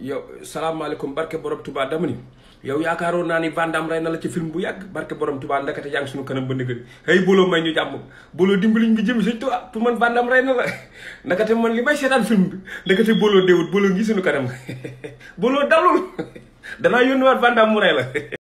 yow salaamaaleykum barke borom Touba dama ni yow yaakaaroon naa ni Van rey na la ci film bu yàgg barke borom Touba ndakate yaa ngi suñu kanam ba nëgëri hey booloo may ñu jàmm booloo dimbaliñ bi jëm sëñ Touba pour man Van Damme rey na la ndakate man li may seetaan film bi ndakate booloo déewut booloo ngi suñu kanam booloo dalul danaa yónniwaat Van Damme mu rey la